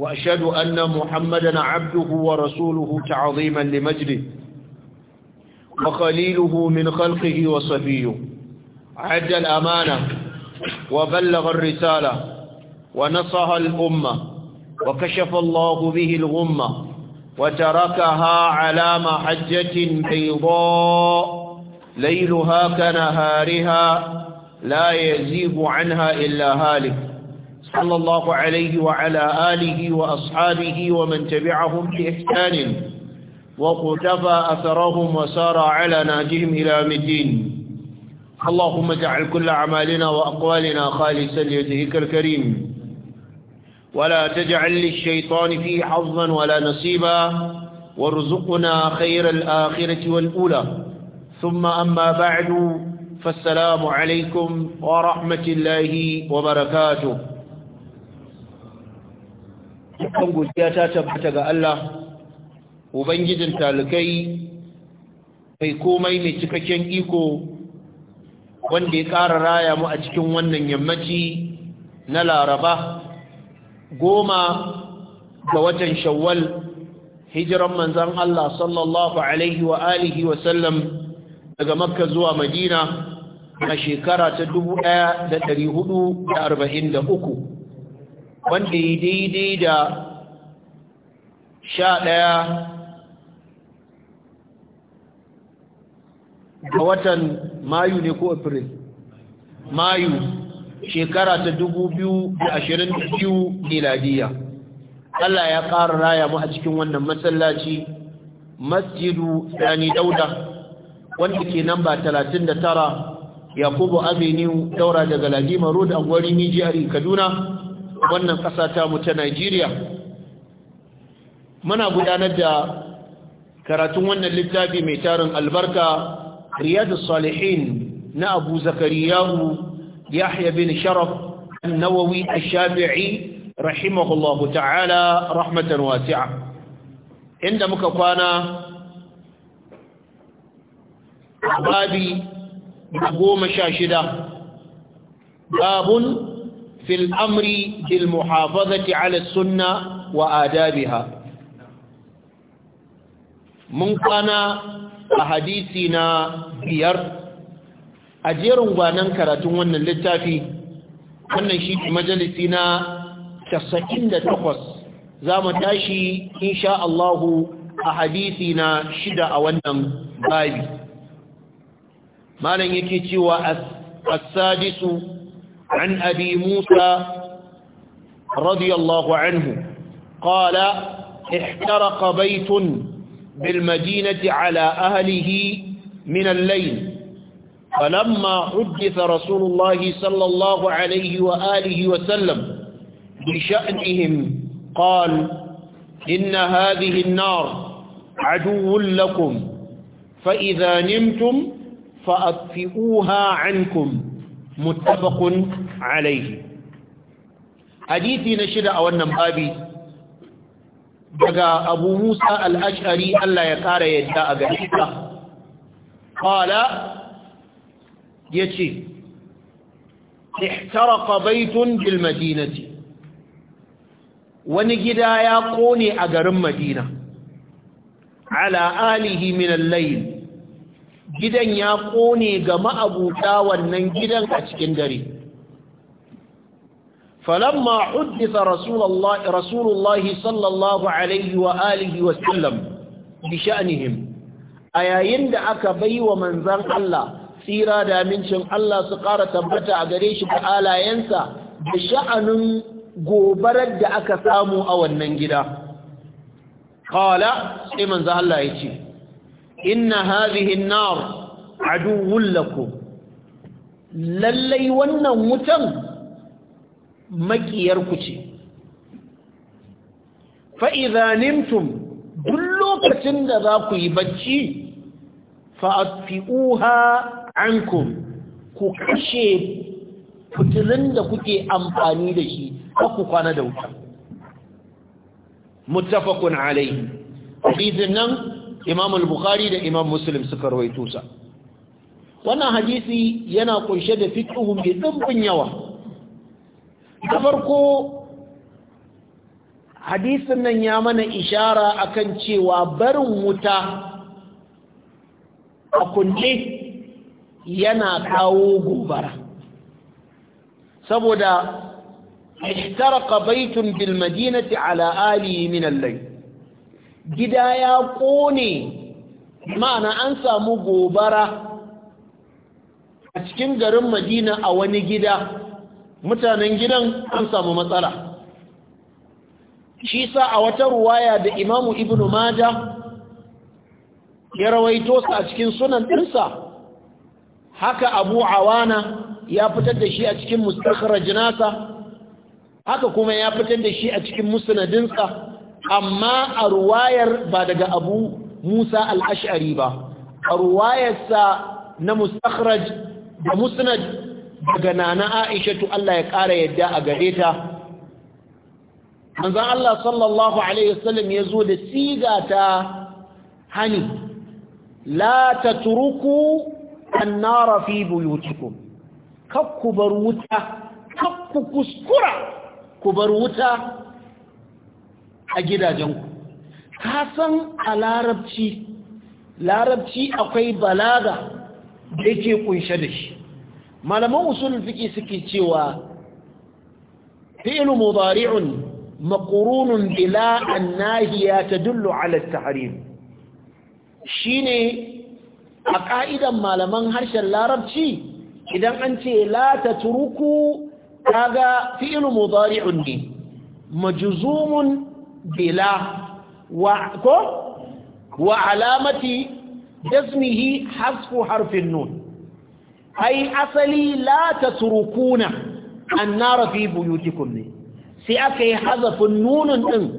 وأشهد أن محمدا عبده ورسوله تعظيما لمجده وخليله من خلقه وصفيه عد الأمانة وبلغ الرسالة ونصها الأمة وكشف الله به الغمة وتركها على محجة بيضاء ليلها كنهارها لا يزيب عنها إلا هالك صلى الله عليه وعلى آله وأصحابه ومن تبعهم بإحسان وقتفى أثرهم وسار على ناجهم إلى مدين اللهم اجعل كل أعمالنا وأقوالنا خالصا ليدهك الكريم ولا تجعل للشيطان فيه حظا ولا نصيبا وارزقنا خير الآخرة والأولى ثم أما بعد فالسلام عليكم ورحمة الله وبركاته dukkan godiya ta tabbata ga Allah ubangijin talikai mai komai mai cikakken iko wanda ya ƙara raya mu a cikin wannan yammaci na laraba goma ga watan shawwal hijiran manzan Allah sallallahu alaihi wa alihi wa daga makka zuwa madina a shekara ta dubu da da ɗari arba'in uku. wanda yi daidai da sha ɗaya ga watan mayu ne ko april mayu shekara ta dubu biyu da ashirin biyu miladiya Allah ya ƙara raya mu a cikin wannan masallaci masjidu sani dauda wanda ke namba talatin da tara yakubu Aminu, daura daga ladima road a gwari nijiyar kaduna wannan ƙasa ta mu ta Najeriya muna gudanar da karatun wannan littafi mai tarin albarka riyadus salihin na Abu Zakariyahu Yahya bin Sharaf annawawi nawawi ash-Shafi'i rahimahullahu ta'ala rahmatan wasi'a inda muka kwana babi goma sha shida babun في الأمر بالمحافظة على السنة وآدابها من كان أحاديثنا بير أجير وانا كراتون وانا للتافي وانا شيء مجلسنا تسعين لتقص زام تاشي إن شاء الله أحاديثنا شدة وانا بابي ما لن يكي تيوى السادس عن أبي موسى رضي الله عنه قال احترق بيت بالمدينة على أهله من الليل فلما حدث رسول الله صلى الله عليه وآله وسلم بشأنهم قال إن هذه النار عدو لكم فإذا نمتم فأطفئوها عنكم muttafaqun alaihi hadisi na shida a wannan babi daga abu musa Al-Ashari Allah ya ƙara yadda a garisa ƙala ya ce ihtaraka baitun bil madinati wani gida ya ƙone a garin madina ala alihi min al-layl gidan ya kone ga ma'abuta wannan gidan a cikin dare falamma huddisa rasulullahi rasulullahi sallallahu alaihi wa alihi wa sallam a yayin da aka baiwa manzon Allah tsira da amincin Allah su ƙara tabbata a gare shi ga alayensa da sha'anin gobarar da aka samu a wannan gida. Kala sai manzo Allah ya ce, inna hadhihi an-nar aduwwun lakum lallai wannan wutan makiyar ku ce fa idza nimtum duk lokacin da za ku yi bacci fa'afi'uha ankum ku kashe fitilin da kuke amfani da shi ku kwana da wuta muttafaqun alayhi hadisin nan imam al-bukhari da imam muslim suka rawaito sa wannan hadisi yana kunshe da fiqhu mai dimbin yawa da farko hadisin nan ya mana ishara akan cewa barin wuta a kunne yana kawo gobara saboda ihtaraka baitun bil madinati ala ali min al-layl gida ya ƙone ma'ana an samu gobara a cikin garin madina a wani gida mutanen gidan an samu matsala shi sa a wata ruwaya da imamu ibn maja ya rawaito sa a cikin sunan ɗinsa haka abu awana ya fitar da shi a cikin mustakhar jinasa haka kuma ya fitar da shi a cikin dinsa amma a ruwayar ba daga abu musa al'ash'ari ba a ruwayarsa na mustakhraj da musnad daga nana aishatu Allah ya ƙara yadda a gare ta manzan Allah sallallahu Alaihi wasallam ya zo da siga ta hani la ta turuku an nara fi buyutikum kakku bar wuta kakku kuskura ku bar wuta a gidajenku ka san a larabci larabci akwai balaga da yake kunshe da shi malaman usulun fiƙi suke cewa fi'il mudari'un maqrunun bila annahiya tadullu ala at-tahrim shine a ka'idan malaman harshen larabci idan an ce la tatruku kaga fi'il mudari'un ne majzumun bela wa ko wa alamati jazmihi hasfu harfin nun ai asali la tatrukuna annara fi buyutikum ne sai aka yi hazafin nunun din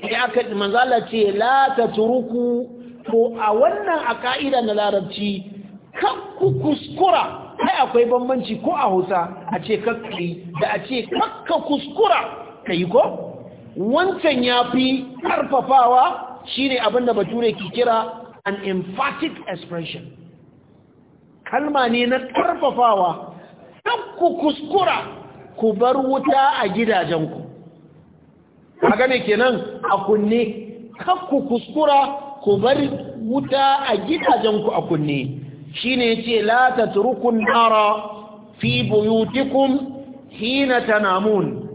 sai aka manzala ce la tatruku to a wannan a ka'ida na larabci kakku kuskura ai akwai bambanci ko a Hausa a ce kakki da a ce kakka kuskura kai ko wancan ya fi ƙarfafawa shine abin da bature ke kira an emphatic expression kalma ne na ƙarfafawa ɗan ku kuskura ku bar wuta a gidajenku kaga ke kenan a kunne kan ku kuskura ku bar wuta a gidajenku a kunne shi ne ce la rukun ara fi buyutikun hina namun.'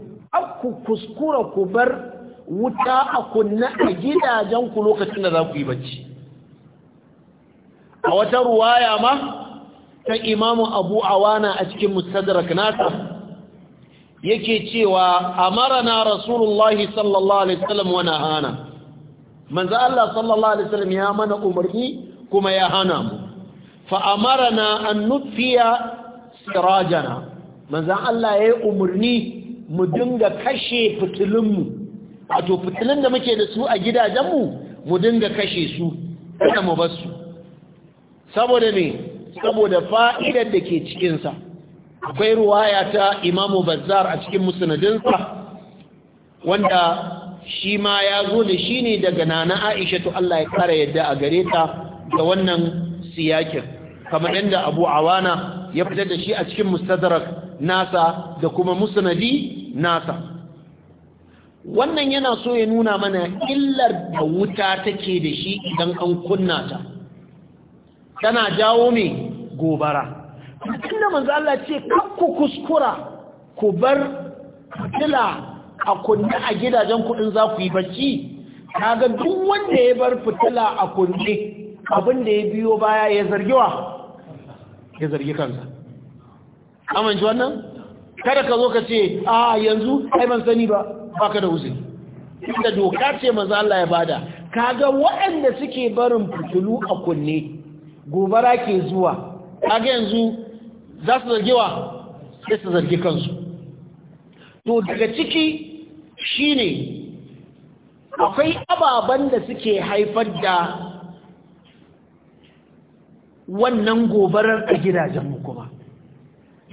ku kuskura ku bar wuta a kunna a gidajen ku lokacin da za ku yi bacci a wata ruwaya ma ta imamu abu awana a cikin mustadrak nasa yake cewa amarana rasulullahi sallallahu alaihi wasallam wa nahana manzo Allah sallallahu alaihi wasallam ya mana umarni kuma ya hana mu fa amarana an nutfiya sirajana manzo Allah ya yi umarni mu dinga kashe fitilunmu wato fitilun da muke da su a gidajenmu mu dinga kashe su kada mu bar su saboda ne saboda fa'idar da ke cikinsa akwai ruwaya ta imamu bazzar a cikin musanadinsa. wanda shi ma ya zo da shi ne daga nana aisha to Allah ya kara yadda a gare ta da wannan siyakin kamar yadda abu awana ya fitar da shi a cikin mustadrak nasa da kuma musnadi nasa wannan yana so ya nuna mana illar da wuta take da shi idan an kunna ta tana jawo mai gobara inda manzo Allah ce ku kuskura ku bar fitila a kunne a gidajen kuɗin za ku yi bacci kaga duk wanda ya bar fitila a kunne abin da ya biyo baya ya zargi ya zargi kansa amince wannan kada ka zo ka ce a yanzu ai ban sani ba baka da uzuri inda doka ce manzo Allah ya bada kaga waɗanda suke barin fitilu a kunne gobara ke zuwa kaga yanzu za su zarge wa sai su zarge kansu to daga ciki shine akwai ababen da suke haifar da wannan gobarar a gidajen mu kuma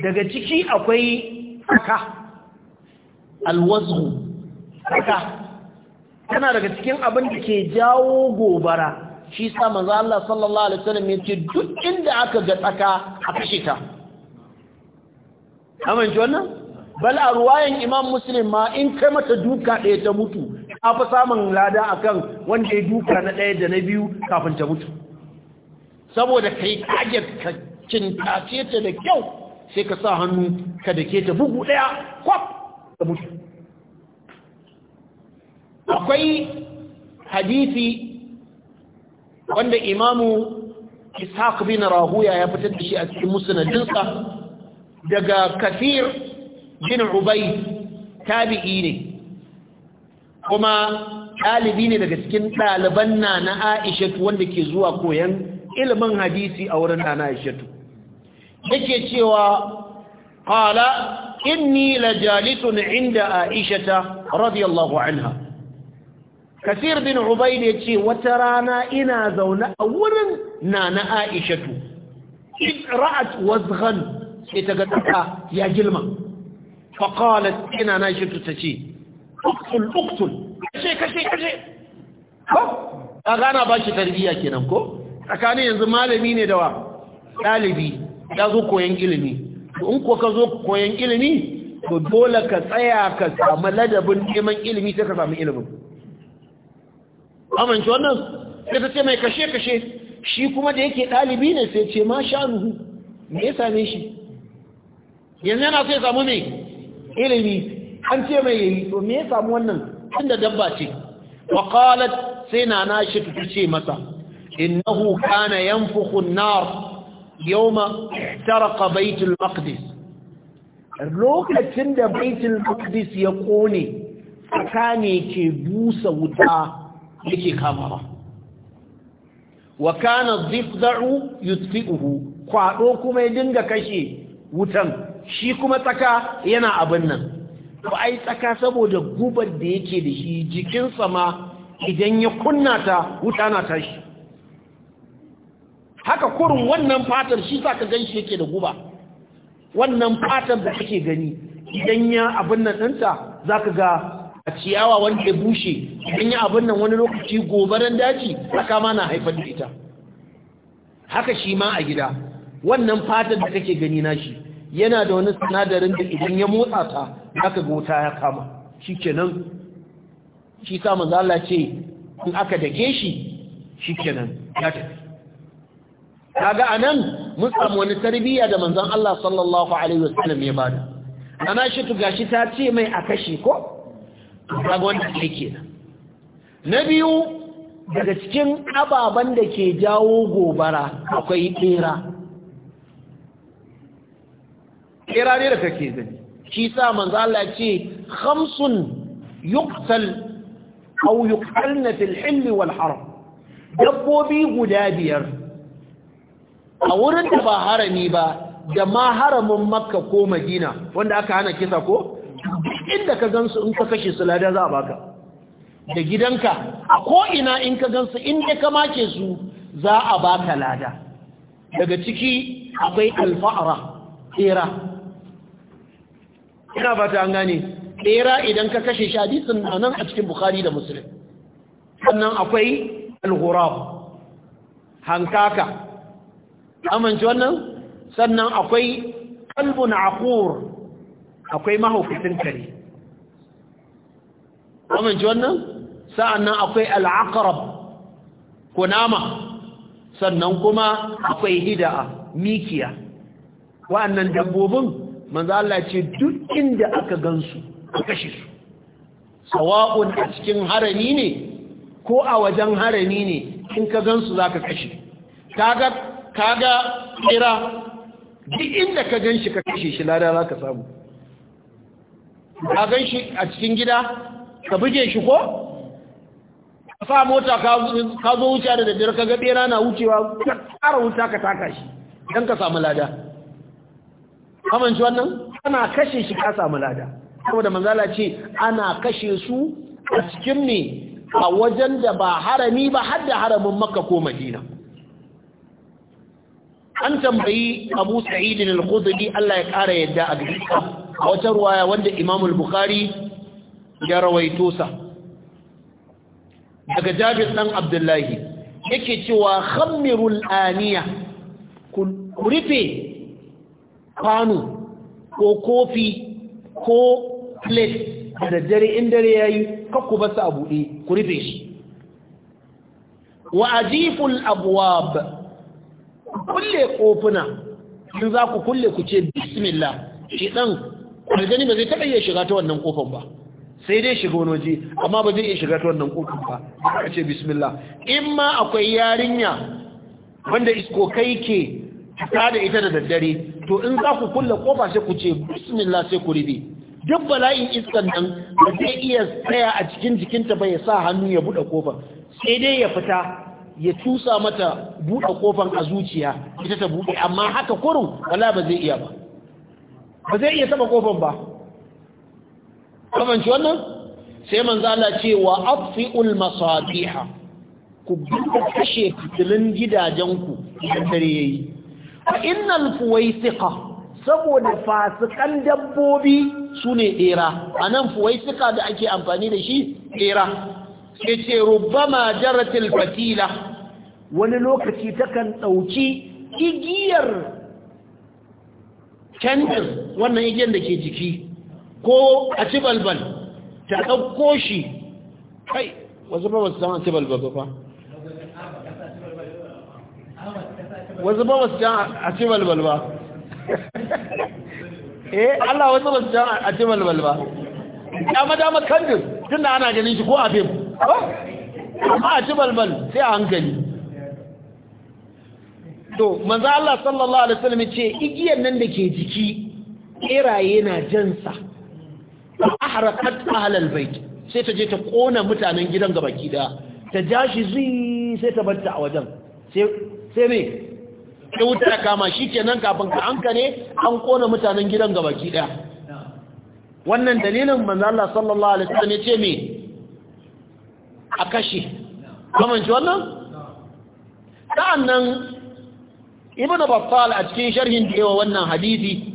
daga ciki akwai tsaka alwazu tana daga cikin abin da ke jawo gobara shi sa manzo Allah sallallahu alaihi wasallam ya ce duk inda aka ga tsaka a kashe ta amince wannan bal a ruwayan imam muslim ma in kai mata duka ɗaya ta mutu a fa samun lada akan wanda ya duka na ɗaya da na biyu kafin ta mutu saboda kai kage ka ce ta da kyau sai ka sa hannu ka da ke ta bugu daya kwaf da mutu akwai hadisi wanda imamu ishaq bin rahuya ya fitar da shi a cikin musnadinsa daga kafir bin ubay tabi'i ne kuma ɗalibi ne daga cikin ɗaliban na na aishatu wanda ke zuwa koyan ilimin hadisi a wurin na na aishatu yake cewa qala inni lajalisun inda aisha radiyallahu anha kasir bin ubayd yace wata rana ina zaune a wurin nana aisha tu ra'at wazghan sai ta ga ya gilma fa qalat ina na shi tace uktul. kashe kashe kashe ko kaga ana ba shi tarbiya kenan ko tsakanin yanzu malami ne da wa dalibi ya zo koyan ilimi to in ko ka zo koyan ilimi to dole ka tsaya ka samu ladabin neman ilimi sai ka samu ilimin amince wannan sai ta ce mai kashe kashe shi kuma da yake ɗalibi ne sai ce ma sha ruhu me ya same shi yanzu yana sai samu mai ilimi an ce mai yayi to me ya samu wannan tunda dabba ce wa sai na na shi ta ce masa innahu kana yanfukhu an-nar yawma ihtaraqa baitul maqdis lokacin da baitul maqdis ya ƙone tsakani ke busa wuta yake kamawa wa kana dhifda'u yutfi'uhu kwado kuma ya dinga kashe wutan shi kuma tsaka yana abin nan to ai tsaka saboda gubar da yake da shi jikinsa ma idan ya kunna ta wuta na tashi haka kurin wannan fatar shi sa ka ganshi yake da guba wannan fatar da kake gani idan ya abin nan ɗinta za ka ga a ciyawa wanda ya bushe idan ya abin nan wani lokaci gobaran daji haka ma na haifar da ita haka shi ma a gida wannan fatar da kake gani na shi yana da wani sinadarin da idan ya motsa ta za ka ga ya kama shi kenan shi sa manzala ce in aka dake shi shi kenan ya tafi kaga anan mun samu wani tarbiyya da manzon Allah sallallahu alaihi wasallam ya bada ana shi to gashi ta ce mai a ko kaga wanda yake na biyu daga cikin ababen da ke jawo gobara akwai bera bera ne da kake gani shi sa Allah ya ce khamsun yuqtal aw yuqtalna fil hilli wal haram dabbobi guda biyar a wurin da ba harami ba da ma haramin makka ko madina wanda aka hana kisa ko inda ka gansu in ka kashe su lada za a baka da gidanka a ko'ina in ka gansu inda ka make su za a baka lada daga ciki akwai alfa'ara tsera ina ba ta gane tsera idan ka kashe shi sun a nan a cikin bukari da musulun sannan akwai alhurab hankaka amince wannan sannan akwai kalbun aqur akwai mahaukacin kare amince wannan sa'annan akwai al'aqrab kunama sannan kuma akwai hida'a mikiya wa'annan dabbobin manzo Allah ce duk inda aka gansu aka kashe su sawa'un a cikin harami ne ko a wajen harami ne in ka gansu zaka kashe kaga kaga tsira duk inda ka gan shi ka kashe shi lada za ka samu ka gan shi a cikin gida ka buge shi ko ka sa mota ka zo wuce da daddare ka ga bera na wucewa ka tsara wuta ka taka shi don ka samu lada kamanci wannan ana kashe shi ka samu lada saboda manzala ce ana kashe su a cikin ne a wajen da ba harami ba har da haramin makka ko madina an tambayi abu sa'id al-khudri Allah ya kara yadda a gare a wata ruwaya wanda Imam al-Bukhari ya rawaito sa daga Jabir dan Abdullahi yake cewa khammirul aniya ku rufe kwano ko kofi ko plate da dare in dare yayi kakku basu a buɗe ku rufe shi wa ajiful abwab kulle kofuna in za ku kulle ku ce bismillah shi dan aljani ba zai taɓa iya shiga ta wannan kofan ba sai dai shiga wani waje amma ba zai iya shiga ta wannan kofan ba ka ce bismillah in ma akwai yarinya wanda isko kai ke ta da ita da daddare to in za ku kulle kofa sai ku ce bismillah sai ku ribe duk bala'in iskan nan ba zai iya tsaya a cikin jikinta ba ya sa hannu ya buɗe kofa sai dai ya fita ya cusa mata buɗe kofan a zuciya ita ta buɗe amma haka kurun wala ba zai iya ba ba zai iya taba kofan ba kamanci wannan sai manzo Allah ce wa atfi'ul masadiha ku buɗe kashe fitilun gidajenku idan dare yayi fa innal fuwaisiqa saboda fasikan dabbobi sune ɗera anan fuwaisiqa da ake amfani da shi ɗera yace rubbama jaratil fatila wani lokaci takan ɗauki igiyar kendir wannan igiyar da ke jiki ko a ci balbal ta ɗauko shi kai wasu ba wasu sama ci balbal ba wasu ba wasu can a ci balbal ba eh Allah wasu ba wasu can a ci balbal ba dama dama tun da ana ganin shi ko a fim amma a ci balbal sai a hankali to manzo Allah sallallahu alaihi wasallam ce igiyar nan da ke jiki kiraye na jansa ahraqat ahl albayt sai ta je ta kona mutanen gidan gabaki da ta jashi zai sai ta barta a wajen sai sai me sai wuta ta kama shikenan kafin ka anka ne an kona mutanen gidan gabaki da wannan dalilin manzo Allah sallallahu alaihi wasallam ce me a kashe kamanci wannan? sa'an nan ibn battal a cikin sharhin da yawa wannan hadisi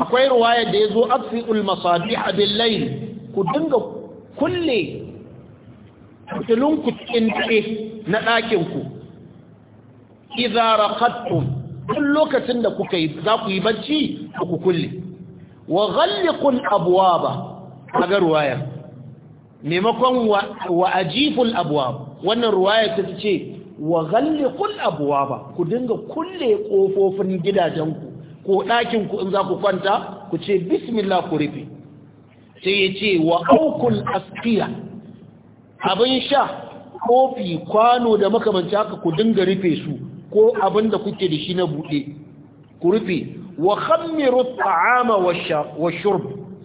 akwai ruwayar da ya zo afi'ul masabi abin layin ku dinga kulle fitilunku cikin dare na ɗakinku izara kattun tun lokacin da kuka yi za ku yi bacci ku kulle wa ghallikun abuwa ba ga ruwayar maimakon wa ajiful abwab wannan ruwaya ta ce wa ghalliqul abwaba ku dinga kulle kofofin gidajenku ko ɗakin ku in za ku kwanta ku ce bismillah ku rufe sai ya ce wa aukul asqiya abin sha kofi kwano da makamanci haka ku dinga rufe su ko abin da kuke da shi na buɗe ku rufe wa khammiru ta'ama wa shurb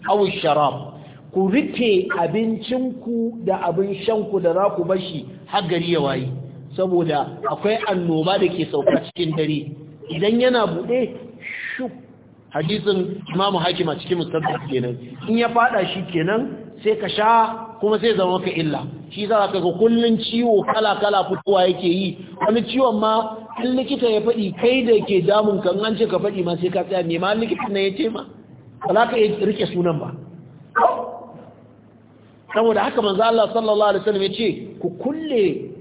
aw sharab ku rike abincinku da abin shanku da za ku bashi har gari ya waye saboda akwai annoba da ke sauka cikin dare idan yana buɗe shuk hadisin imamu hakima cikin musamman kenan in ya fada shi kenan sai ka sha kuma sai zama ka illa shi za ka ga kullun ciwo kala-kala fitowa yake yi wani ciwon ma in likita ya faɗi kai da ke damun kan an ce ka faɗi ma sai ka tsaya ne ma likita na ya ce ma ba za ka iya rike sunan ba saboda haka manzo Allah sallallahu alaihi wasallam yace ku kulle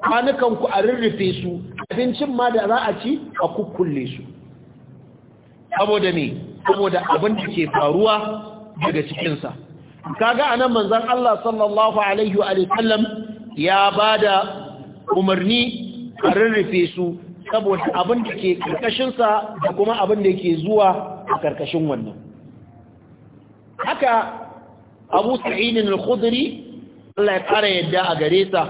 kwanukan ku a rurrufe su abincin ma da za a ci a kukkulle su saboda ne saboda abin da ke faruwa daga cikin sa kaga anan manzo Allah sallallahu alaihi wa sallam ya bada umarni a rurrufe su saboda abin da ke karkashin sa da kuma abin da ke zuwa a karkashin wannan haka abu sa'idin al-khudri Allah ya ƙara yadda a gare sa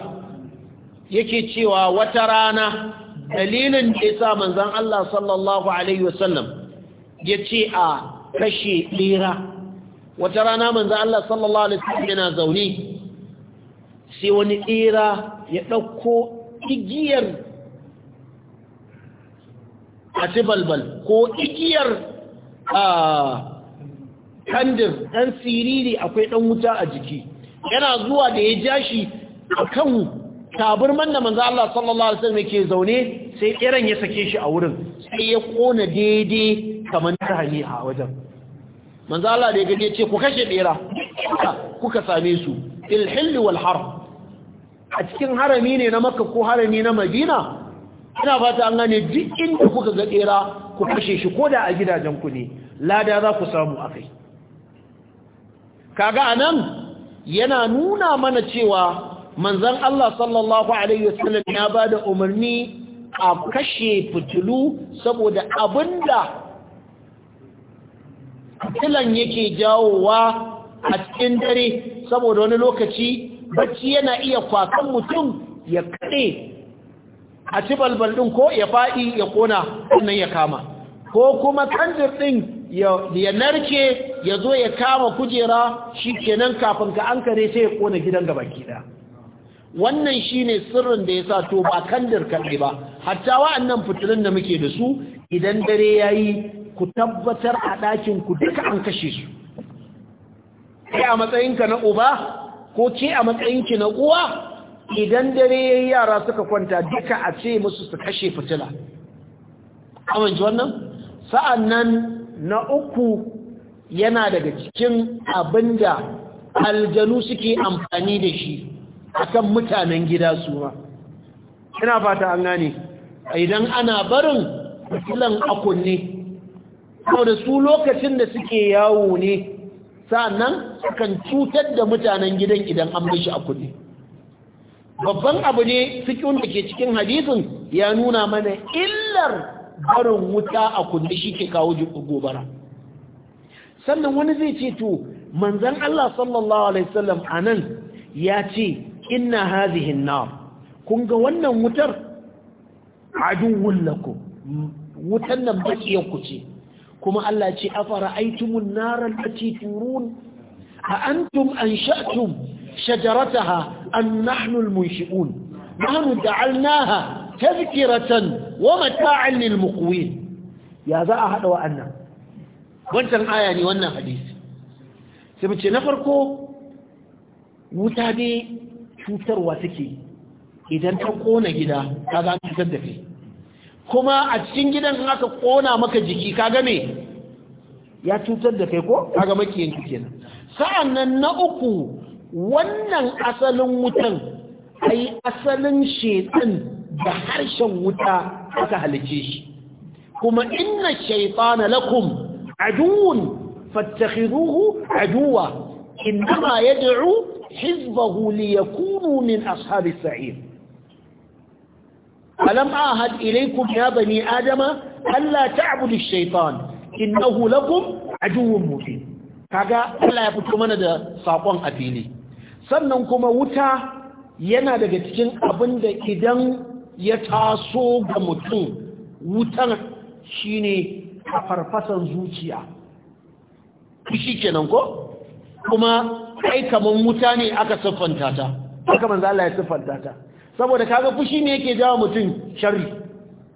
yake cewa wata rana dalilin da yasa manzon Allah sallallahu alaihi wasallam yace a kashe lera wata rana manzon Allah sallallahu alaihi wasallam yana zaune sai wani lera ya dauko igiyar a balbal ko igiyar a ah, kandir ɗan siriri akwai ɗan wuta a jiki yana zuwa da ya ja shi a kan taburman da manzan Allah sallallahu alaihi wasallam yake zaune sai iran ya sake shi a wurin sai ya kona daidai kamar ta tahani a wajen manzan Allah da ya gaje ce ku kashe ɗera kuka same su ilhilli wal har a cikin harami ne na makka ko harami na madina ina fata an gane duk inda kuka ga ɗera ku kashe shi ko da a gidajen ku ne lada za ku samu a kai. kaga anan yana nuna mana cewa manzon Allah sallallahu alaihi wasallam ya bada umarni a kashe fitilu saboda abinda fitilan yake jawowa a cikin dare saboda wani lokaci bacci yana iya kwakan mutum ya kade a ci balbal ɗin ko ya faɗi ya kona sannan ya kama ko kuma kanjir ɗin ya narke ya zo ya kama kujera shi kenan kafin ka an kare sai ya kona gidan gaba gida wannan shi ne sirrin da ya sa to ba kandir kaɗai ba hatta wa'annan fitilun da muke da su idan dare ya yi ku tabbatar a ɗakin ku duka an kashe su Ke a matsayinka na uba ko ke a matsayinki na uwa idan dare ya yi yara suka kwanta duka a ce musu su kashe fitila amince sa'an nan na uku yana daga cikin abinda aljanu suke amfani da shi akan mutanen gida su ma ina fata an gane idan ana barin filan sau da su lokacin da suke yawo ne sannan kan cutar da mutanen gidan idan an bishi a babban abu ne suke da ke cikin hadisin ya nuna mana illar barin wuta a kunne shi ke kawo gobara sannan wani zai ce to manzan Allah sallallahu alaihi wasallam ya ce inna hadhihi an kun ga wannan wutar aduwwun lakum wutan nan bakiyar ku ce kuma Allah ce afara aitumun naran allati turun a antum ansha'tum shajarataha an nahnu munshiun nahnu naha. tazkiratan wa mata'an lil muqwin ya za a hada wa'annan wancan aya ne wannan hadisi sai mu ce na farko wuta ne cutarwa take idan ta kona gida ka za cutar da kai kuma a cikin gidan in aka kona maka jiki kaga me ya cutar da kai ko kaga makiyin kenan sa'annan na uku wannan asalin wutan ai asalin shedan da harshen wuta aka halice shi kuma inna shaytana lakum aduun fattakhiduhu aduwa innama yad'u hizbahu liyakunu min ashabis sa'ir alam ahad ilaykum ya bani adama alla ta'budu ash-shaytan innahu lakum aduwwun mubin kaga Allah ya fito mana da sakon a fili sannan kuma wuta yana daga cikin abin da idan ya taso ga mutum wutan shine a farfasan zuciya kushi kenan ko kuma kai kaman wuta ne aka siffanta ta aka manzo Allah ya siffanta ta saboda kaga fushi ne yake jawo mutum sharri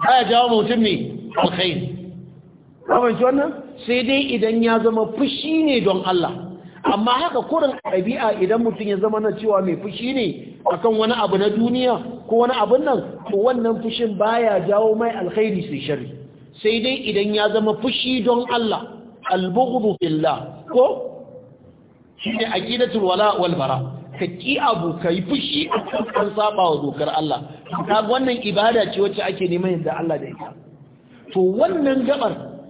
baya jawo mutum ne alkhairi kamar shi wannan sai dai idan ya zama fushi ne don Allah amma haka kurin ɗabi'a idan mutum ya zama na cewa mai fushi ne akan wani abu na duniya ko wani abun nan to wannan fushin baya jawo mai alkhairi sai shari sai dai idan ya zama fushi don Allah albughdhu billah ko shine aqidatul wala wal bara ka ki abu kai fushi akan saba wa dokar Allah ga wannan ibada ce wacce ake neman yadda Allah da ita to wannan gabar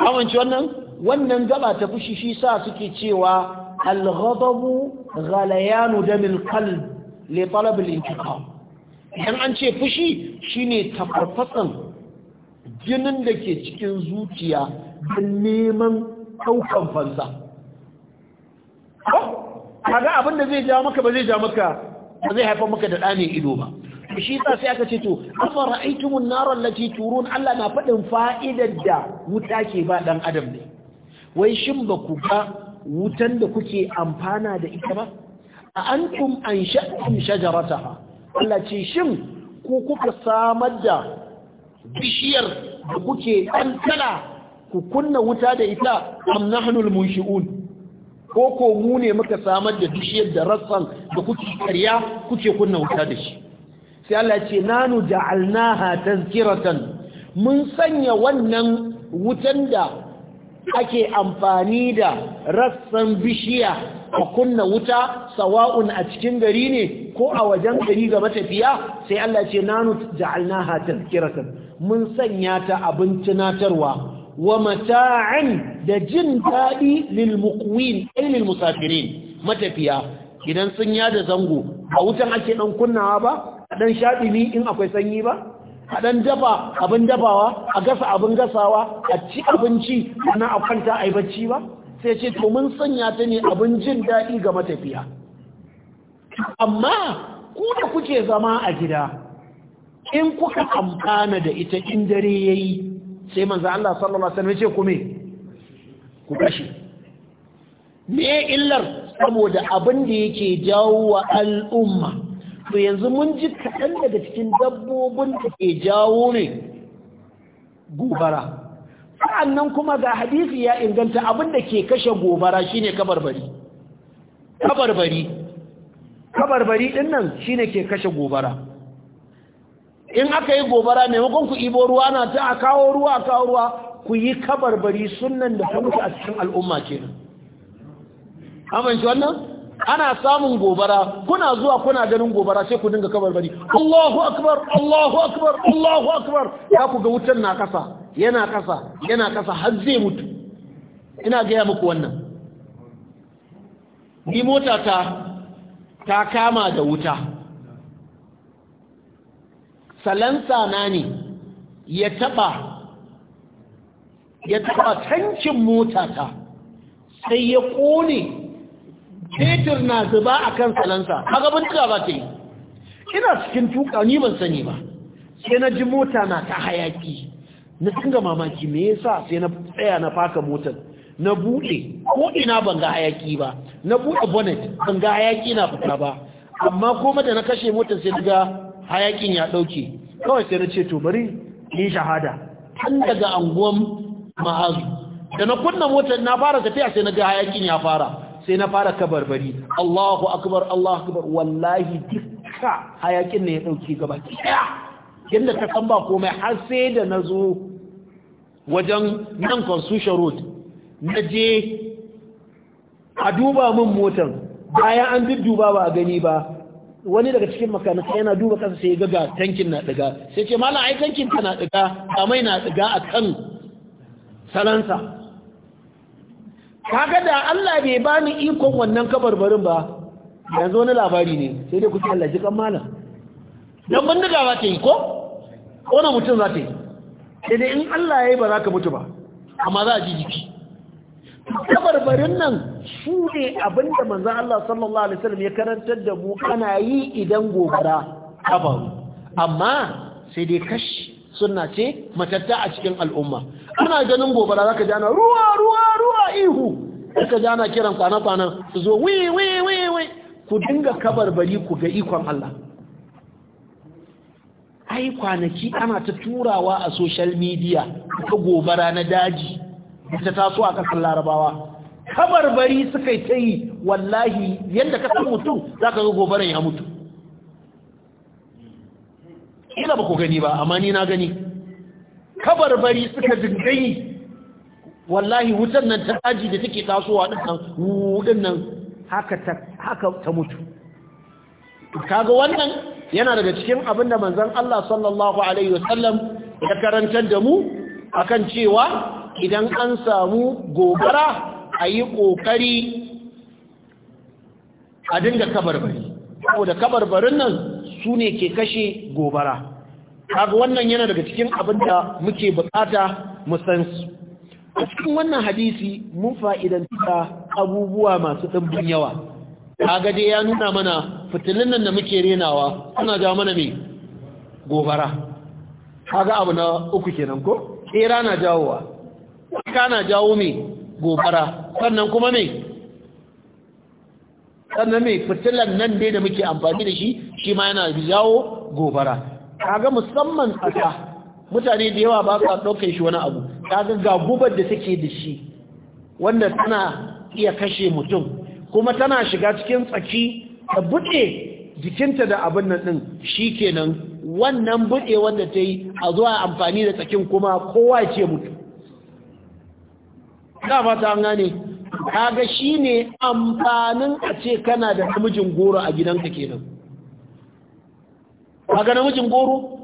amince wannan wannan gaba ta fushi shi sa suke cewa al-ghadabu ghalayanu damil qalb li talab al-intiqam idan an ce fushi shine tafarfatsan jinin da ke cikin zuciya don neman ɗaukan fansa kaga abin da zai ja maka ba zai ja maka ba zai haifar maka da ɗane ido ba shi sa sai aka ce to afara aitumun narar lati turun Allah na faɗin fa'idar da wuta ke ba ɗan adam ne wai shin ba ku ga wutan da kuke amfana da ita ba a antum an sha'tum shajarataha Allah ce shin ku kuka samar da bishiyar da kuke kankana ku kunna wuta da ita am nahnul munshi'un ko ko mu ne muka samar da bishiyar da rassan da kuke karya kuke kunna wuta da shi sai Allah ce nanu ja'alnaha tazkiratan mun sanya wannan wutan da ake amfani da rassan bishiya a kunna wuta sawa'un a cikin gari ne ko a wajen gari ga matafiya sai Allah ce nanu ja'alnaha tazkiratan mun sanya ta abin tunatarwa wa mata'an da jin daɗi lil muqwin ay lil musafirin matafiya idan sun da zango a wutan ake dan kunnawa ba dan shaɗi ni in akwai sanyi ba a ɗan dafa abin dafawa a gasa abin gasawa a ci abinci na a kwanta a yi bacci ba sai ce to mun sanya ta ne abin jin daɗi ga matafiya amma ku da kuke zama a gida in kuka amfana da ita in dare ya yi, sai manzo Allah sallallahu alaihi wasallam ya ce ku ku kashi me illar saboda abin da yake jawo wa al'umma to yanzu mun ji kaɗan daga cikin dabbobin da ke jawo ne gobara sa'annan kuma ga hadisi ya inganta abin da ke kashe gobara shine kabarbari kabarbari kabarbari din nan shine ke kashe gobara in aka yi gobara maimakon ku ibo ruwa na ta a kawo ruwa a kawo ruwa ku yi kabarbari sunan da ta mutu a cikin al'umma kenan amince wannan ana samun gobara kuna zuwa kuna ganin gobara sai ku dinga kabar bari Allahu akbar Allahu akbar Allahu akbar ya ku ga wutan na kasa yana kasa yana kasa har zai mutu ina ga ya muku wannan ni mota ta ta kama da wuta salansa na ne ya taba ya taba tankin mota ta sai ya kone fetur na zuba a kan salansa kaga bindiga ba ta yi ina cikin tuka ni ban sani ba sai na ji mota na ta hayaki na ga mamaki me yasa sai na tsaya na faka motar na buɗe ko ina ban ga hayaki ba na buɗe bonnet ban ga hayaki na fita ba amma kuma da na kashe motar sai daga hayakin ya ɗauke kawai sai na ce to bari ni shahada tun daga anguwan ma'azu da na kunna motar na fara tafiya sai na ga hayakin ya fara sai na fara kabarbari Allahu akbar Allahu akbar wallahi dukka hayakin ne ya dauke gaba kiya yanda ka san ba komai har sai da nazo wajen nan Constitution Road naje a duba min motar bayan an dudduba ba a gani ba wani daga cikin makanika yana duba kasa sai ya ga tankin na daga sai ce mallam ai tankin ta na daga kamai na a akan salansa kaga da Allah bai bani ikon wannan kabarbarin ba yanzu wani labari ne sai dai kuke Allah jikan malam dan bindiga za ta yi ko wani mutum za ta yi sai dai in Allah ya yi ba za ka mutu ba amma za a ji jiki kabarbarin nan shi ne abinda manzan Allah sallallahu Alaihi wasallam ya karantar da mu ana yi idan gobara kabaru amma sai dai kashi suna ce matatta a cikin al'umma ana ganin gobara zaka ji ana ruwa ruwa ruwa ihu zaka ji ana kiran kwana kwana su zo wi wi wi wi ku dinga kabar bari ku ga ikon Allah ai kwanaki ana ta turawa a social media ta gobara na daji ta taso a kasar larabawa Kabar bari suka yi ta yi wallahi yadda ka san mutum za ka ga gobaran ya mutu ina ba ku gani ba amma ni na gani kabarbari suka yi, wallahi wutar nan ta aji da take tasowa dinnan wudin nan haka ta haka ta mutu kaga wannan yana daga cikin abinda manzon Allah sallallahu alaihi wasallam ya karantar da mu akan cewa idan an samu gobara ayi kokari a dinga kabarbari saboda kabarbarin nan sune ke kashe gobara kaga wannan yana daga cikin abin da muke bukata mu san su a cikin wannan hadisi mun fa'idanta abubuwa masu ɗimbin yawa kaga dai ya nuna mana fitilin nan da muke renawa suna ja mana me gobara kaga abu na uku kenan ko tsera na jawowa ka na jawo me gobara sannan kuma me sannan me fitilan nan dai da muke amfani da shi shi ma yana jawo gobara kaga musamman tsaka, mutane da yawa ba su ɗaukar shi wani abu kaga ga gubar da take da shi wanda tana iya kashe mutum kuma tana shiga cikin tsaki ta buɗe jikinta da abin nan ɗin shi kenan wannan buɗe wanda ta yi a zuwa amfani da tsakin kuma kowa ce mutu dama ta gane kaga shi ne amfanin a ce kana da namijin goro a gidanka kenan kaga namijin goro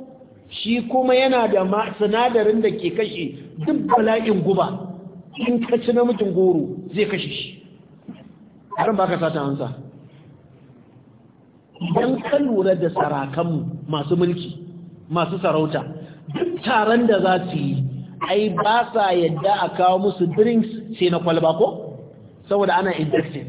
shi kuma yana da sinadarin da ke kashe duk bala'in guba in ka ci namijin goro zai kashe shi Harin ba ka sata hansa idan ka lura da sarakan masu mulki masu sarauta duk taron da za su yi ai ba sa yadda a kawo musu drinks sai na kwalba ko saboda ana injection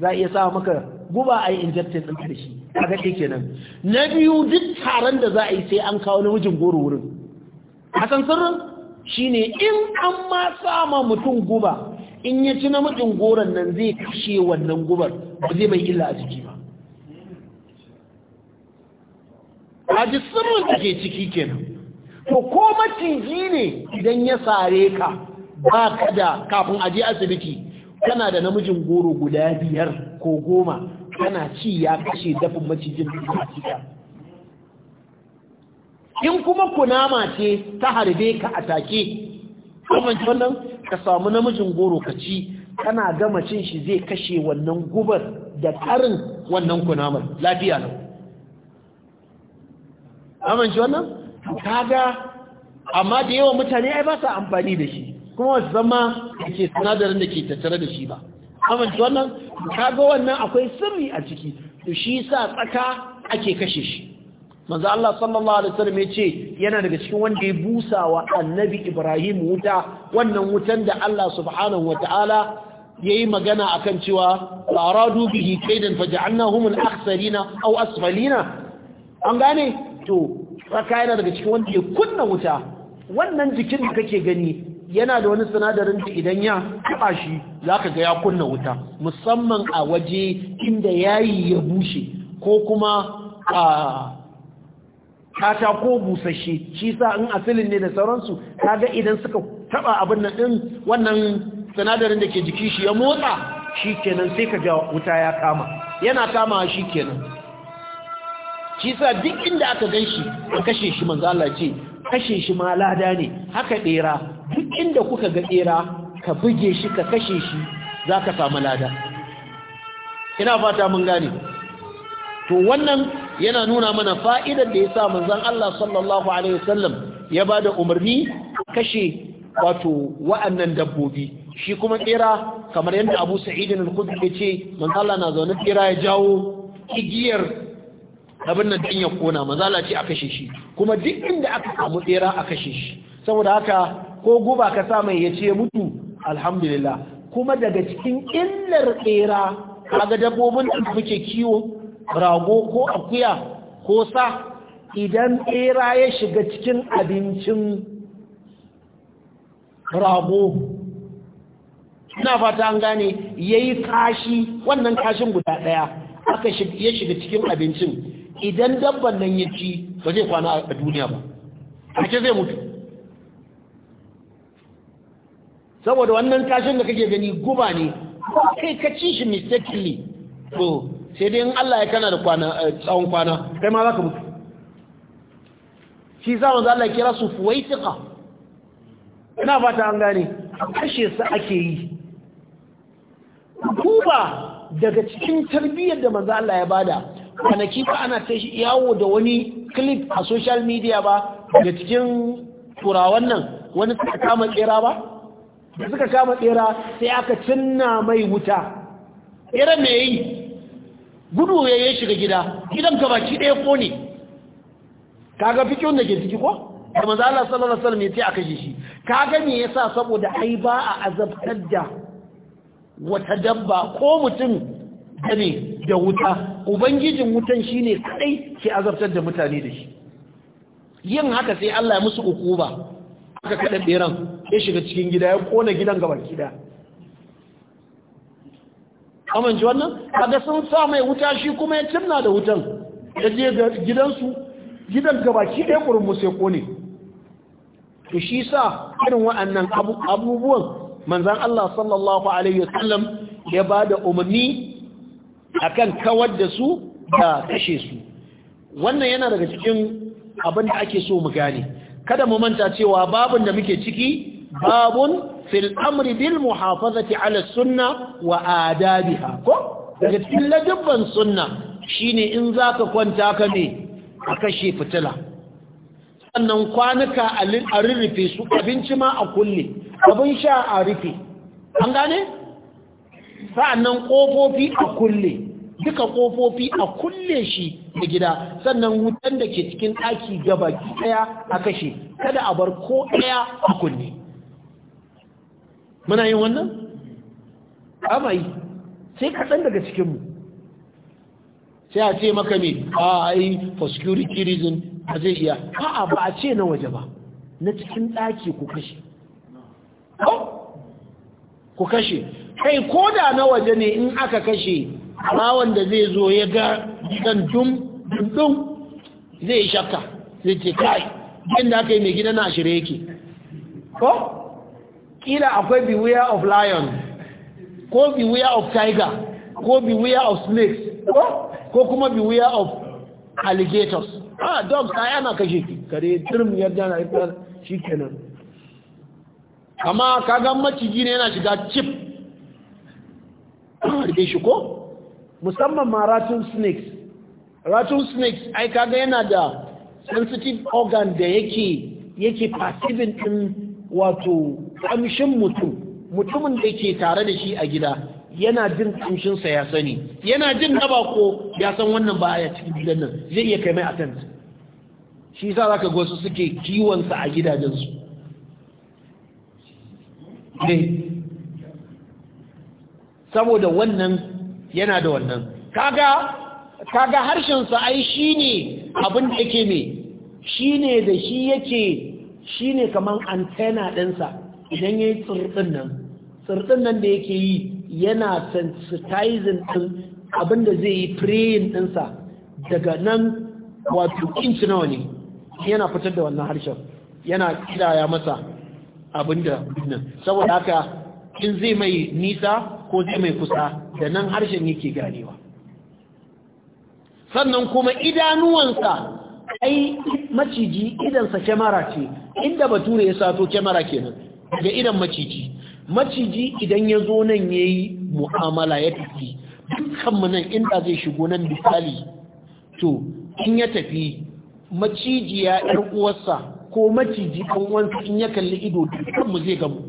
za a iya sa maka guba a yi injectin ɗin da shi a gaɗe kenan na biyu duk taron da za a yi sai an kawo namijin goro wurin a san sirrin shi ne in an ma sama mutum guba in ya ci namijin goron nan zai kashe wannan gubar ba zai mai illa a jiki ba a ji sirrin da ke ciki kenan to ko maciji ne idan ya sare ka ba ka da kafin je asibiti kana da namijin goro guda biyar ko goma kana ci ya kashe dafin macijin a cika in kuma kunama ce ta harbe ka a take kamanci wannan ka samu namijin goro ka ci kana gama cin shi zai kashe wannan gubar da karin wannan kunamar lafiya nan amince wannan ga, amma da yawan mutane ai ba su amfani da shi kuma wasu zama da ke sinadarin da ke tattare da shi ba amince wannan kaga wannan akwai sirri a ciki to shi sa tsaka ake kashe shi manzo Allah sallallahu alaihi wasallam yace yana daga cikin wanda ya busa wa annabi Ibrahim wuta wannan wutan da Allah subhanahu wataala yayi magana akan cewa aradu bihi kaidan faj'alnahum al-akhsarina aw asfalina an gane to tsaka yana daga cikin wanda ya kunna wuta wannan jikin da kake gani yana da wani sinadarin da idan ya taɓa shi za ka ga ya kunna wuta musamman a waje inda yayi ya bushe ko kuma a kata ko busashe shi sa in asilin ne da sauransu ta ga idan suka taɓa abin nan ɗin wannan sinadarin da ke jiki shi ya motsa shi kenan sai ka ga wuta ya kama yana kama shi kenan shi sa duk inda aka gan shi a kashe shi manzala ce kashe shi ma lada ne haka ɗera duk inda kuka ga tsera ka buge shi ka kashe shi za ka samu lada ina fata mun gane to wannan yana nuna mana fa'idar da ya sa manzan Allah sallallahu Alaihi wasallam ya ba da umarni kashe wato wa'annan dabbobi shi kuma tsera kamar yadda abu sa'idin al-kudu ya ce manzan Allah na zaune tsera ya jawo igiyar abin nan din ya kona mazala ce a kashe shi kuma duk inda aka samu tsera a kashe shi saboda haka ko guba ka sa mai ya ce mutu alhamdulillah kuma daga cikin illar bera kaga dabbobin da muke kiwo rago ko akuya ko sa idan tsera ya shiga cikin abincin rago ina fata an gane yayi kashi wannan kashin guda daya aka ya shiga cikin abincin idan dabban nan ya ci ba zai kwana a duniya ba ake zai mutu saboda wannan kashin da kake gani guba ne kai ka ci shi mistakenly to sai dai in Allah ya kana da kwana eh, tsawon kwana kai ma zaka mutu shi za mu Allah kira su fuwaitiqa ina fata an gane kashe su ake yi guba daga cikin tarbiyyar da manzo Allah ya bada kwanaki ba ana ta yawo da wani clip a social media ba daga cikin turawan nan wani kama kera ba da suka kama tsera sai aka cinna mai wuta tsira me yi gudu ya yi shiga gida gidan ka baki ɗaya ko ne kaga kyau da ke ciki ko da maza Allah sallallahu alaihi wasallam ya ce aka ji shi kaga me yasa saboda ai ba a azabtar da wata dabba ko mutum da ne da wuta ubangijin wutan shine kadai ke azabtar da mutane da shi yin haka sai Allah ya musu ukuba aka kaɗa ɗeran ya shiga cikin gida ya ƙona gidan gabar gida amince wannan kaga sun sa mai wuta shi kuma ya cimna da wutan ya je ga gidansu gidan gabaki ɗaya ƙurmus sai ƙone to shi sa irin wa'annan abubuwan manzan Allah sallallahu alaihi wasallam ya ba da umarni akan kawar da su da kashe su wannan yana daga cikin abin da ake so mu gane kada mu manta cewa babun da muke ciki babun fil amri bil muhafazati ala sunna wa adabiha ko daga cikin ladabban sunna shine in zaka kwanta ka ne a kashe fitila sannan kwanuka a rurrufe su abinci ma a kulle abin sha a rufe an gane sa'annan kofofi a kulle duka kofofi a kulle shi da gida sannan wutan da ke cikin ɗaki gaba ɗaya a kashe kada a bar ko ɗaya a kunne muna yin wannan? amai sai kaɗan daga cikinmu sai a ce maka ne a yi for security reason a zai iya a'a ba a ce na waje ba na cikin ɗaki ku kashe ku kashe kai ko da na waje ne in aka kashe bawan da zai zo ya ga gidan dum dum zai shakka zai ce kai gidan da aka yi mai gidan na shirye yake ko kila akwai beware of lion ko beware of tiger ko beware of snakes ko ko kuma beware of alligators ah dogs ai ana kashe ki kare turmi yadda na ifar shikenan Kama kaga maciji ne yana shiga chip rike shi ko musamman ma ratun snakes ratun snakes ai kaga yana da sensitive organ da yake yake passivin din wato kamshin mutum mutumin da yake tare da shi a gida yana jin kamshinsa ya sani yana jin na ko ya san wannan ba ya cikin gidan nan zai iya kai mai attempt shi yasa zaka ga wasu suke kiwon sa a gidajensu eh. saboda wannan yana da wannan kaga kaga harshensa ai shine abin da yake me shine da shi yake shine kaman antenna ɗinsa idan yayi tsirdin nan tsirdin nan da yake yi yana sensitizing din abin da zai yi praying ɗinsa daga nan wato inci nawa ne yana fitar da wannan harshen yana kidaya masa abin da nan saboda haka in zai mai nisa ko zai mai kusa da nan harshen yake ganewa sannan kuma idanuwansa ai maciji idansa kyamara ce inda bature ya sato kyamara kenan daga idan maciji maciji idan ya zo nan ya yi mu'amala ya tafi dukkanmu nan inda zai shigo nan misali to in ya tafi macijiya 'yar uwarsa ko maciji ɗan in ya kalli ido dukkanmu zai gamu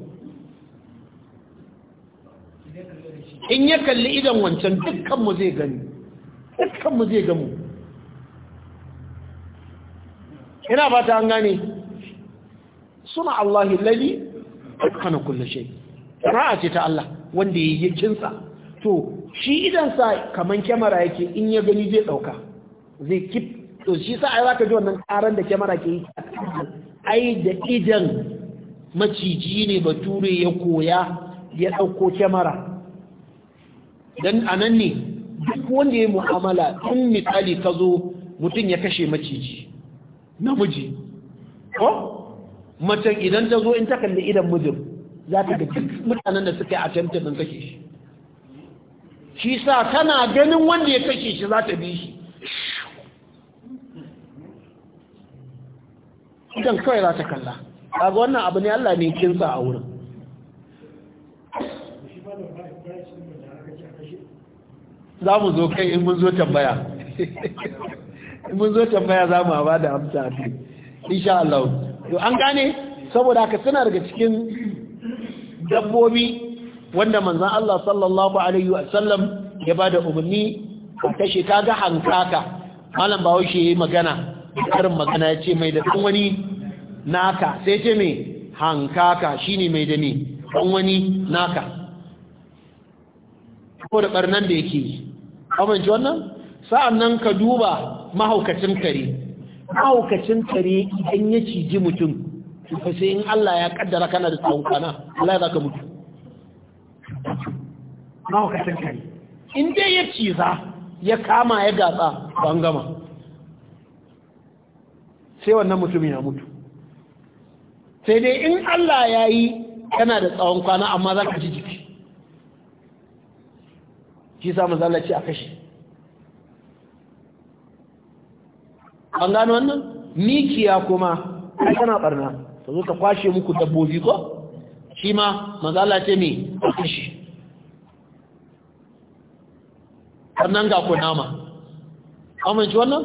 in ya kalli idan wancan dukkanmu zai gani dukkanmu zai gamu ina ba ta an gane suna Allah lalli dukkanin kulle shi ra'a ce ta Allah wanda ya yi kinsa to shi idansa kaman kyamara yake in ya gani zai ɗauka zai kip to shi sa ai zaka ji wannan karan da kyamara ke yi ai da idan maciji ne bature ya koya ya ɗauko kyamara dan anan ne duk wanda ya mu'amala in misali ka zo mutum ya kashe maciji namiji ko mace idan ta zo in ta kalli idan mijin za ta ga duk mutanen da suka yi attempted din kashe shi shi sa tana ganin wanda ya kashe shi za ta bi shi idan kawai za ta kalla kaga wannan abu ne Allah ne kinsa a wurin za mu zo kai in mun zo tambaya in mun zo tambaya za mu ba da amsa a insha Allah to an gane saboda haka suna daga cikin dabbobi wanda manzon Allah sallallahu alaihi wa sallam ya bada umarni a kashe ga hankaka malam bawo shi magana karin magana ya ce mai da dan wani naka sai ce mai hankaka shine mai da ni dan wani naka ko da barnan da yake yi amince wannan sa'an nan ka duba mahaukacin kare mahaukacin kare idan ya ciji mutum fa sai in Allah ya kaddara kana da tsawon kana Allah ya zaka mutu mahaukacin kare in dai ya ciza ya kama ya gatsa ban gama sai wannan mutum ya mutu sai dai in Allah ya yi kana da tsawon kwana amma za ka ji jiki shi samun zalaci a kashe an gano wannan mikiya kuma ai tana barna ta zo ta kwashe muku dabbobi ko shi ma mazala ce mai a kashe sannan ga kunama amince wannan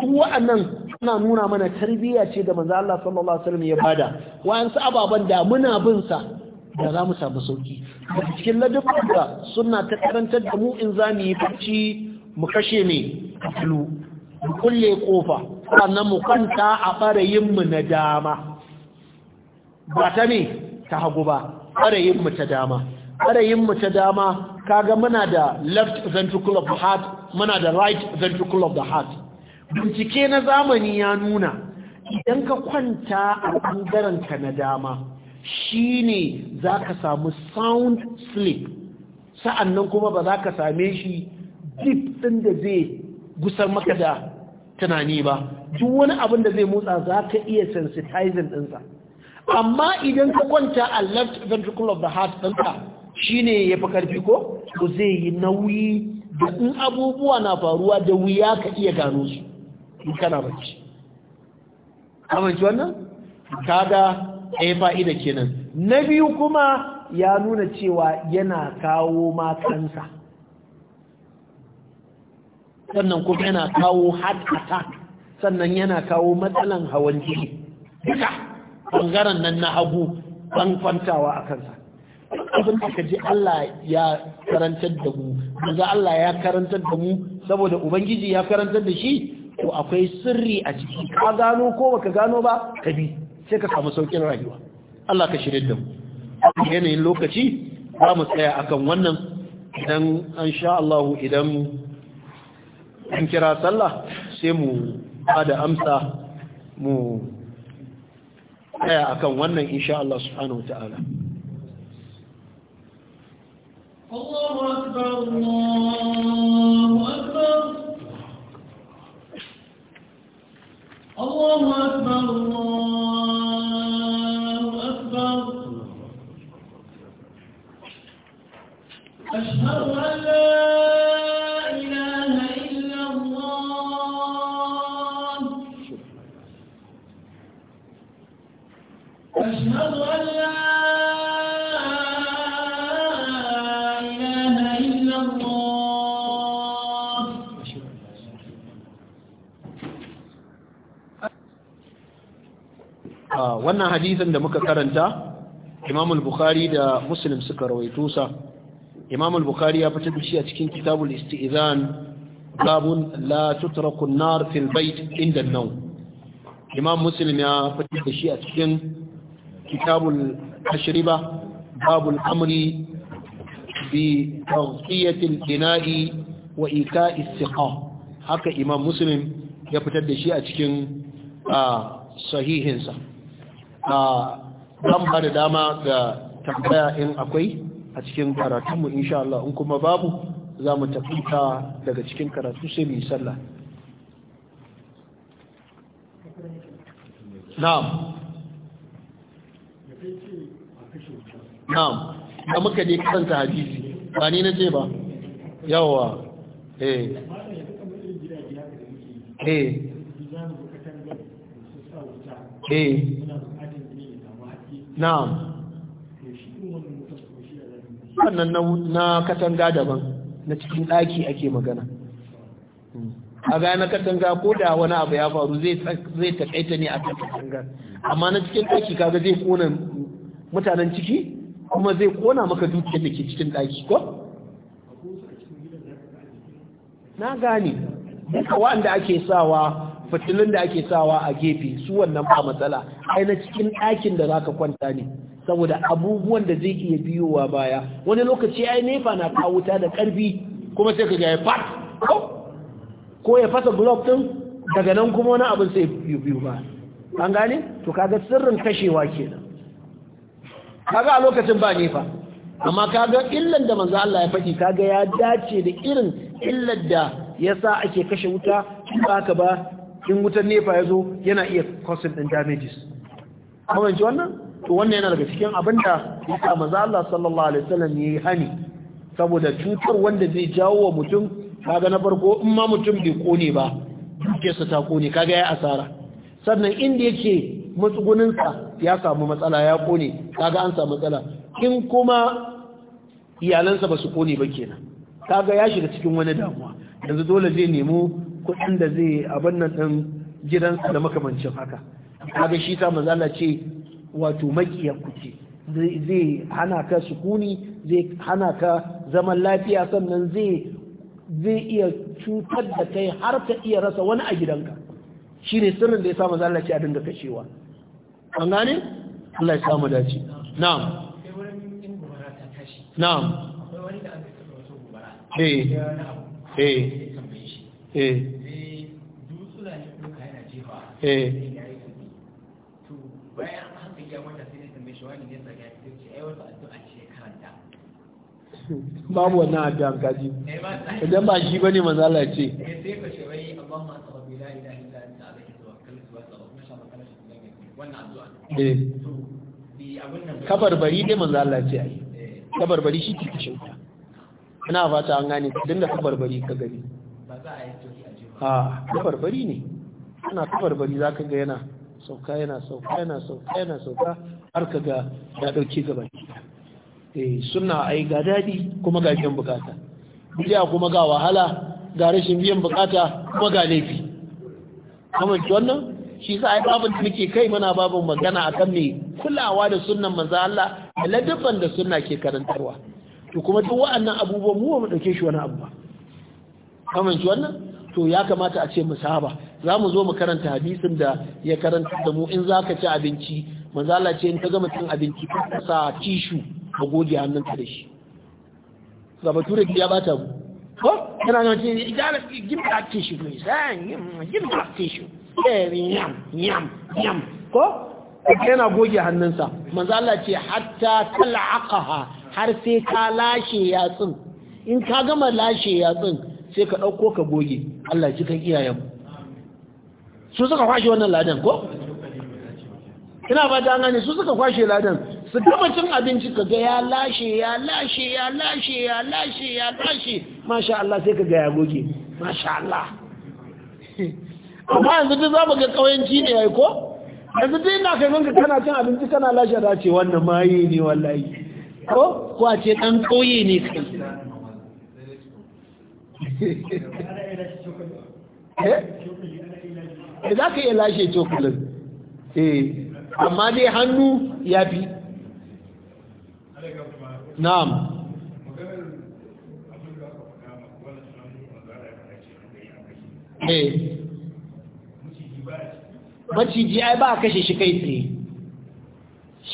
duk wa'annan suna nuna mana tarbiyya ce da manzo Allah sallallahu alaihi wasallam ya bada wa'ansu ababan da muna bin sa da za mu samu sauki cikin ladabar da suna ta karantar da mu in za mu yi bacci mu kashe ne a fitilu mu kulle kofa sannan mu kwanta a ɓarayin mu na dama ba ta ne ta hagu ba ɓarayin mu ta dama ɓarayin mu ta dama kaga muna da left ventricle of the heart muna da right ventricle of the heart bincike na zamani ya nuna idan ka kwanta a ɓangaren ka na dama shi ne za ka samu sound sleep sa'annan kuma ba za ka same shi deep ɗin da zai gusar maka da tunani ba duk wani abin da zai motsa za ka iya sensitizing ɗinsa amma idan ka kwanta a left ventricle of the heart ɗinka shi ne ya fi ƙarfi ko ko zai yi nauyi da in abubuwa na faruwa da wuya ka iya gano su in kana bacci wannan kaga ɗaya fa'ida kenan na biyu kuma ya nuna cewa yana kawo ma kansa sannan kuma yana kawo heart sannan yana kawo matsalan hawan jiki. duka ɓangaren nan na hagu ban kwantawa a kansa abin da ka ji Allah ya karantar da mu Allah ya karantar da mu saboda ubangiji ya karantar da shi to akwai sirri a ciki ka gano ko baka gano ba ka bi sai ka samu saukin rayuwa Allah ka shirye da mu yanayin lokaci za mu tsaya akan wannan idan an sha Allah idan an kira sallah sai mu bada amsa mu tsaya akan wannan insha Allah subhanahu wataala الله أكبر الله أكبر الله أكبر wannan hadisin da muka karanta imamul bukhari da muslim suka rawaito sa imam al-bukhari ya fitar da shi a cikin kitabul istizan babun la tutraku an-nar fil bayt inda an-nawm imam muslim ya fitar da shi a cikin kitabul ashriba babul amri bi tawqiyati al-ina'i wa ika'i as-siqa haka imam muslim ya fitar da shi a cikin sahihinsa a ba da dama ga tambaya in akwai a cikin karatunmu insha Allah in kuma babu za mu tafi ta daga cikin karatu sai mu yi sallah na'am na'am da muka dai karanta hadisi ba ni na ce ba yawa eh eh eh na'am ƙofar nan na katanga daban na cikin ɗaki ake magana a gane katanga ko da wani abu ya faru zai taƙaita ne a katanga amma na cikin ɗaki kaga zai kona mutanen ciki kuma zai kona maka dukiyar da ke cikin ɗaki ko? na gane duka wanda ake sawa fitilun da ake sawa a gefe su wannan ba matsala ai na cikin ɗakin da zaka kwanta ne saboda abubuwan da zai iya biyowa baya wani lokaci ai nefa na kawo wuta da ƙarfi kuma sai ka ga ya fat ko ya fasa glove din daga nan kuma wani abin sai biyu ba an gane to kaga sirrin kashewa kenan kaga a lokacin ba nefa amma kaga illan da manzo Allah ya faɗi kaga ya dace da irin illar da yasa ake kashe wuta ba ka ba in wutar nefa ya zo yana iya causing din damages. Kawai ji wannan? to wannan yana daga cikin abinda ya manzo Allah sallallahu alaihi wasallam yayi hani saboda cutar wanda zai jawo wa mutum kaga na farko in ma mutum bai kone ba ke sa ta kone kaga ya asara sannan inda yake sa ya samu matsala ya kone kaga an samu matsala in kuma iyalansa ba su kone ba kenan kaga ya shiga cikin wani damuwa yanzu dole zai nemi kuɗin da zai abin nan din gidansa da makamancin haka kaga shi ta Allah ce wato makiyar kuce zai hana ka sukuni zai hana ka zaman lafiya sannan zai iya cutar da kai har ka iya rasa wani a gidanka shi ne sirrin da ya samu zalace a dinga kashewa an gane? Allah ya samu dace na'am na'am eh. Eh. eh eh eh eh babu wannan addu'a kaji idan ba shi bane manzo Allah ya ce eh, kabarbari dai manzo Allah ce ai bari shi ke kashin ka ina fata an gane da kabar bari ka gani ba za a yi toki a jiwa ah kabarbari ne ana kabarbari zaka ga yana sauka yana sauka yana sauka yana sauka har ka ga ya dauke gaba ki Eh, suna ai ga daɗi kuma ga biyan bukata biya kuma ga wahala ga rashin biyan bukata kuma ga laifi kamar wannan shi sa ai babin da muke kai muna babu magana akan me kulawa da sunnan manzo Allah da ladaban da sunna ke karantarwa to kuma duk wa'annan abubuwan mu mu dauke shi wani abu ba kamar wannan to ya kamata a ce mu saba za mu zo mu karanta hadisin da ya karanta da mu in zaka ci abinci manzo Allah ce in ta gama cin abinci ka sa tishu ka goge hannun hannunka da shi ga bature ya bata mu ko yana nan cin igala give shi tissue please eh, ah give back shi eh yam yam yam ko yana goge sa manzo Allah ce hatta tal'aqaha har sai ka lashe yatsun in ka gama lashe yatsun sai ka dauko ka goge Allah ji kan iyayen su suka kwashe wannan ladan ko ina ba ta gane su suka kwashe ladan su gama cin abinci ga ya lashe ya lashe ya lashe ya lashe ya lashe masha Allah sai ga ya goge masha Allah amma yanzu za mu ga kauyanci ne yayi ko yanzu dai ina kai ganka kana cin abinci kana lashe da ce wannan maye ne wallahi ko ko a ce dan koyi ne kai eh? eh za ka iya lashe cokalin eh amma dai hannu ya fi na'am Eh. maciji ai ba kashe shi kai tsaye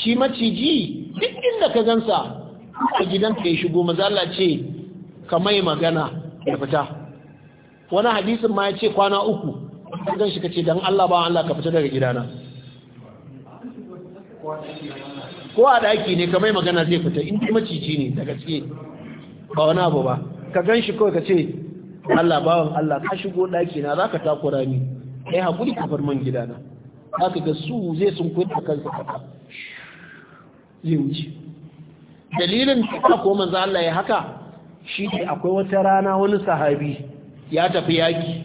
shi maciji duk inda ka gansa a gidan ka yi shigo mazala ce ka mai magana ya fita wani hadisin ma ya ce kwana uku ka gan shi ka ce don Allah ba Allah ka fita daga gidana ko a daki ne kamar magana zai fita in ji macici ne daga gaske ba wani abu ba ka gan shi kawai ka ce Allah bawan Allah ka shigo daki na zaka takura ni kai hakuri ka bar man gidana zaka ga su zai sun kuɗa kansa haka zai wuce dalilin da ko manzo Allah ya haka shi ne akwai wata rana wani sahabi ya tafi yaki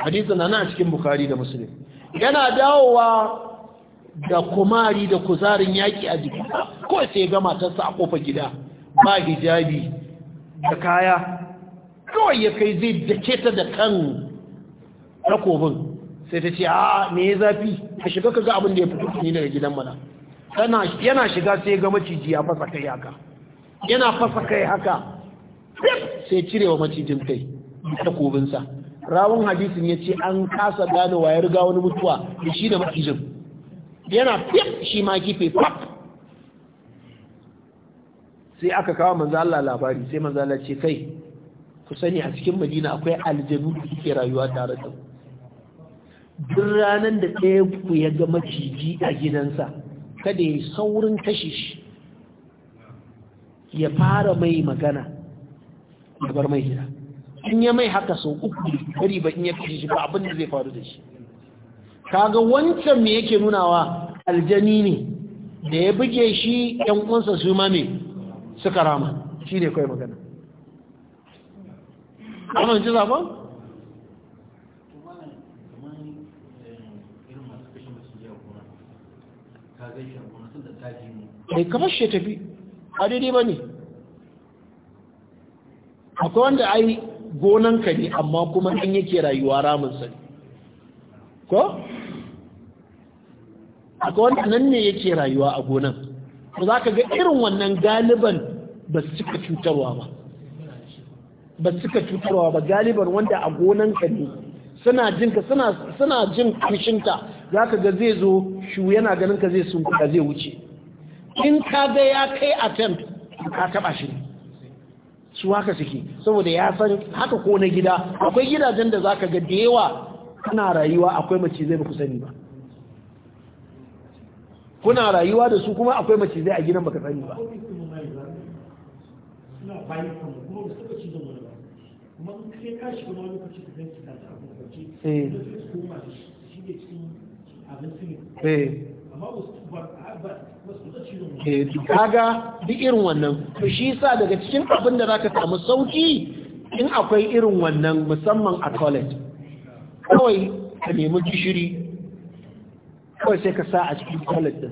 hadisin nan a cikin bukhari da muslim yana dawowa da kumari da kuzarin yaƙi a jiki Kowace sai ga matarsa a ƙofa gida ba hijabi da kaya kawai ya kai zai dake ta da kan takobin sai ta ce a me ya zafi ka shiga ka ga abin da ya fito ne daga gidan mana yana shiga sai ga maciji ya fasa kai haka yana fasa kai haka sai cire wa macijin kai takobinsa rawun hadisin ya ce an kasa gane wa ya riga wani mutuwa da shi da macijin yana fiyaf shi ma gife fap sai aka kawo manzo labari sai manzo ce kai ku sani a cikin Madina akwai aljanu da suke rayuwa tare da duk ranan da ɗaya ku ya ga maciji a gidansa kada ya saurin kashe shi ya fara mai magana ya bar mai gida in ya mai haka sau uku gari ba in ya kashe shi ba abin da zai faru da shi kaga wancan me yake nunawa aljani ne da ya buge shi ‘yan uwansa su ma ne suka rama shi ne kawai magana amma ci zafon? mai kamar shi tafi a daidai ba ne akwai wanda ai gonanka ne amma kuma in yake rayuwa ramin sani ko? a ga nan ne yake rayuwa a gonan ba za ka ga irin wannan galiban ba su cika cutarwa ba ba su cika cutarwa ba galiban wanda a gonanka ne suna jin ka suna jin kushinka za ka ga zai zo shu yana ganin ka zai sun zai wuce in ka ga ya kai attempt ka taba shi su haka suke saboda ya san haka ko na gida akwai gidajen da za ka ga da yawa kana rayuwa akwai mace zai ba ku sani ba kuna rayuwa da su kuma akwai mace zai a gidan baka sani ba kaga duk irin wannan shi sa daga cikin abin da za ka samu sauki in akwai irin wannan musamman a college kawai ka nemi gishiri kawai sai ka sa a cikin wallet din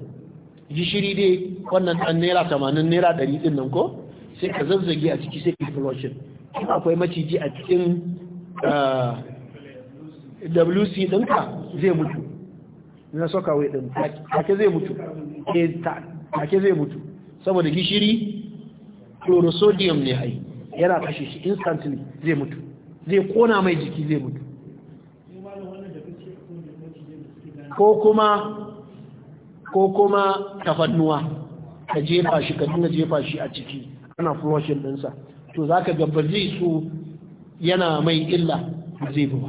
gishiri dai wannan ɗan naira tamanin naira ɗari ɗin nan ko sai ka zazzage a ciki sai ka yi akwai maciji a cikin eh, wc ɗinka zai mutu na wai ɗin take zai mutu eh, take zai mutu saboda gishiri chlorosodium ne ai yana kashe shi instantly zai mutu zai kona mai jiki zai mutu ko kuma ko kuma tafannuwa ka jefa shi ka dinga jefa shi a ciki ana flushing ɗinsa to za ka gabbar zai su yana mai illa zai ba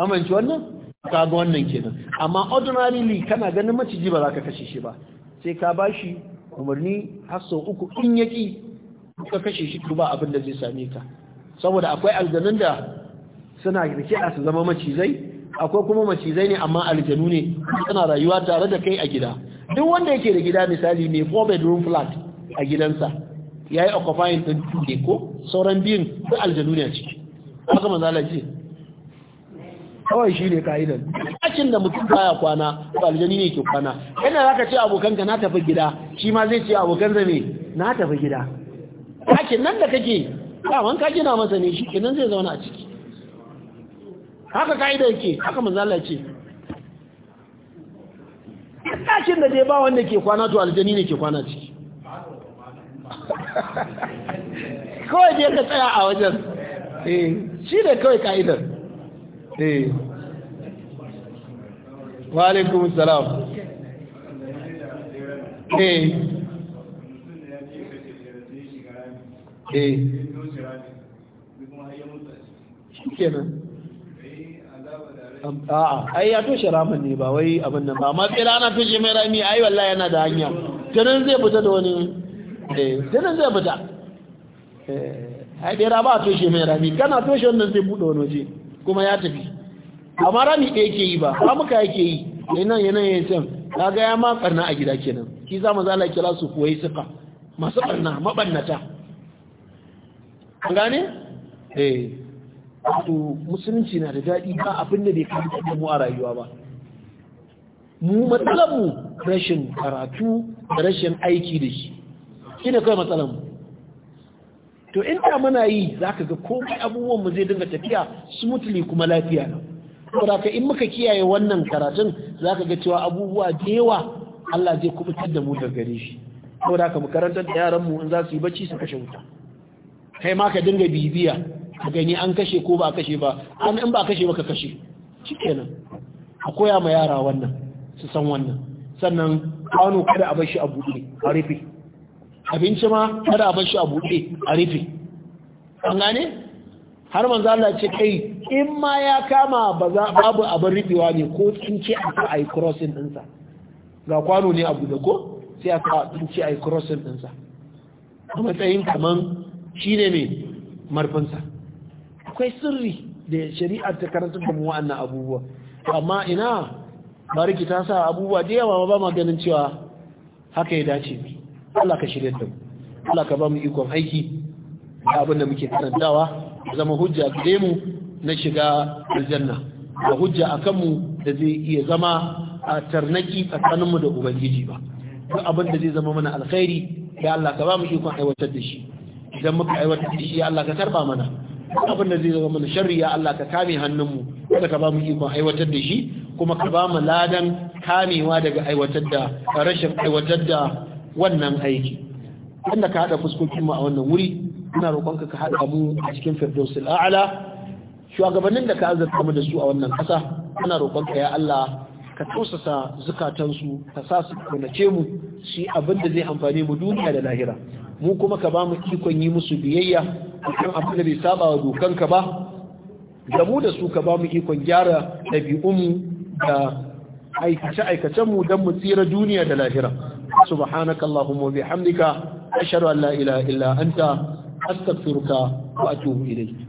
amince wannan ka ga wannan kenan amma ordinarily kana ganin maciji ba za ka kashe shi ba sai ka ba shi umarni har sau uku in yaƙi ka kashe shi ba abin da zai same ka saboda akwai aljanun da suna rike a su zama macizai akwai kuma macizai ne amma aljanu ne suna rayuwa tare da kai a gida duk wanda yake da gida misali mai four bedroom flat a gidansa ya yi occupying ɗin ne ko sauran biyun su aljanu ne a ciki haka manzala ce kawai shi ne ka'idan cikin da mutum baya kwana ko aljani ne ke kwana yana za ka abokan abokanka na tafi gida shi ma zai ce abokan zame na tafi gida ɗakin nan da kake daman ka gina masa ne shi kenan zai zauna a ciki haka ka'ida ke haka manzala ce ɗakin da dai ba wanda ke kwana to aljani ne ke kwana ciki kawai dai ka tsaya a wajen eh, shi ne kawai ka'idar eh. wa alaikum salam eh eh eh. kenan a'a ai ya toshe ramin ne ba wai abin nan ba amma tsira ana toshe mai rami ai wallahi yana da hanya tunan zai fita da wani eh tunan zai fita eh, ai bera ba toshe mai rami kana toshe wannan zai bude wani waje kuma ya tafi amma rami da yake yi ba ba muka yake yi yana yana ya san kaga ya ma karna a gida kenan shi za mu zala kira su kuwai suka masu karna mabannata an gane eh wato musulunci na da daɗi ba abin da bai kai da mu a rayuwa ba mu matsalar mu rashin karatu da rashin aiki da shi kina kai matsalar mu to in ta muna yi ka ga komai abubuwan mu zai dinga tafiya smoothly kuma lafiya na ka in muka kiyaye wannan karatun zaka ga cewa abubuwa da yawa Allah zai kubutar da mu daga gare shi saboda ka makarantar da yaran mu in za su yi bacci su kashe wuta kai ma ka dinga bibiya a gani an kashe ko ba a kashe ba an in ba kashe ba ka kashe kenan a koya ma yara wannan su san wannan sannan kwano kada a bashi a buɗe a rufe abinci ma kada a bashi a buɗe a rufe an gane har manzo Allah ce kai in ma ya kama ba za babu abin rufewa ne ko ce a ka ai crossing sa. ga kwano ne a buɗe ko sai a ka ai crossing ɗinsa a matsayin kaman shine mai marfansa. akwai sirri da shari'ar ta karanta da mu wa'annan abubuwa amma ina bariki ta sa abubuwa da yawa ba ma ganin cewa haka ya dace Allah ka shirye da mu Allah ka ba mu ikon aiki da abin da muke karantawa zama hujja gare mu na shiga aljanna da hujja akan mu da zai iya zama a tarnaki mu da ubangiji ba duk abin da zai zama mana alkhairi ya Allah ka ba mu ikon aiwatar da shi idan muka aiwatar da shi ya Allah ka karba mana abin da zai zama mana sharri ya Allah ka kame hannunmu kada ka ba mu ikon aiwatar da shi kuma ka ba mu ladan kamewa daga aiwatar da rashin aiwatar da wannan aiki inda ka haɗa fuskokin mu a wannan wuri ina roƙonka ka haɗa mu a cikin firdausul a'la shugabannin da ka azurta mu da su a wannan ƙasa ana roƙonka ya Allah ka tausasa zukatansu ka sa su kaunace mu shi abin da zai amfane mu duniya da lahira mu kuma ka ba mu ikon yi musu biyayya kan abin da bai saba wa dokanka ba da mu da su ka ba mu ikon gyara ɗabi'unmu da aikace-aikacenmu don mu tsira duniya da lahira subhanaka allahumma bihamdika ashhadu an la ilaha illa anta astaghfiruka wa atubu ilayk